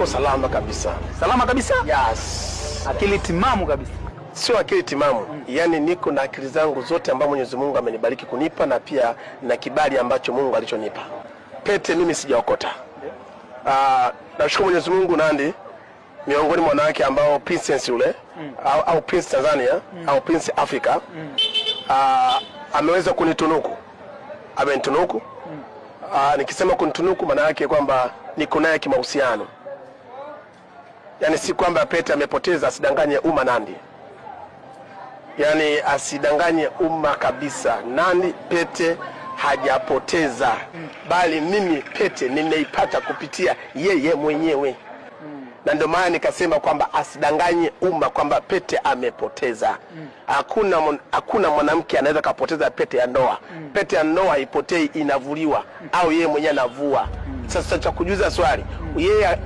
niko salama kabisa. Salama kabisa? Yes. Akili timamu kabisa? Sio akili timamu, yaani niko na akili zangu zote ambazo Mwenyezi Mungu amenibariki kunipa na pia na kibali ambacho Mungu alichonipa. Pete mimi sijaokota. Ah, nashukuru Mwenyezi Mungu Nandi miongoni mwa wanawake ambao princess yule mm. au, au prince Tanzania mm. au prince Africa mm. Ah, Aa, ameweza kunitunuku, amenitunuku mm. Ah, Aa, nikisema kunitunuku maana yake kwamba niko naye kimahusiano yani si kwamba Pete amepoteza, asidanganye umma Nandi, yani asidanganye umma kabisa. Nandi Pete hajapoteza bali mimi Pete nimeipata kupitia yeye mwenyewe na ndio maana nikasema kwamba asidanganye umma kwamba Pete amepoteza mm. Hakuna hakuna mwanamke anaweza kapoteza pete ya ndoa mm. Pete ya ndoa haipotei, inavuliwa mm, au yeye mwenyewe anavua mm. Sasa cha kujuza swali mm, yeye